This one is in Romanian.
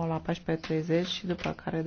o la 14.30 și după care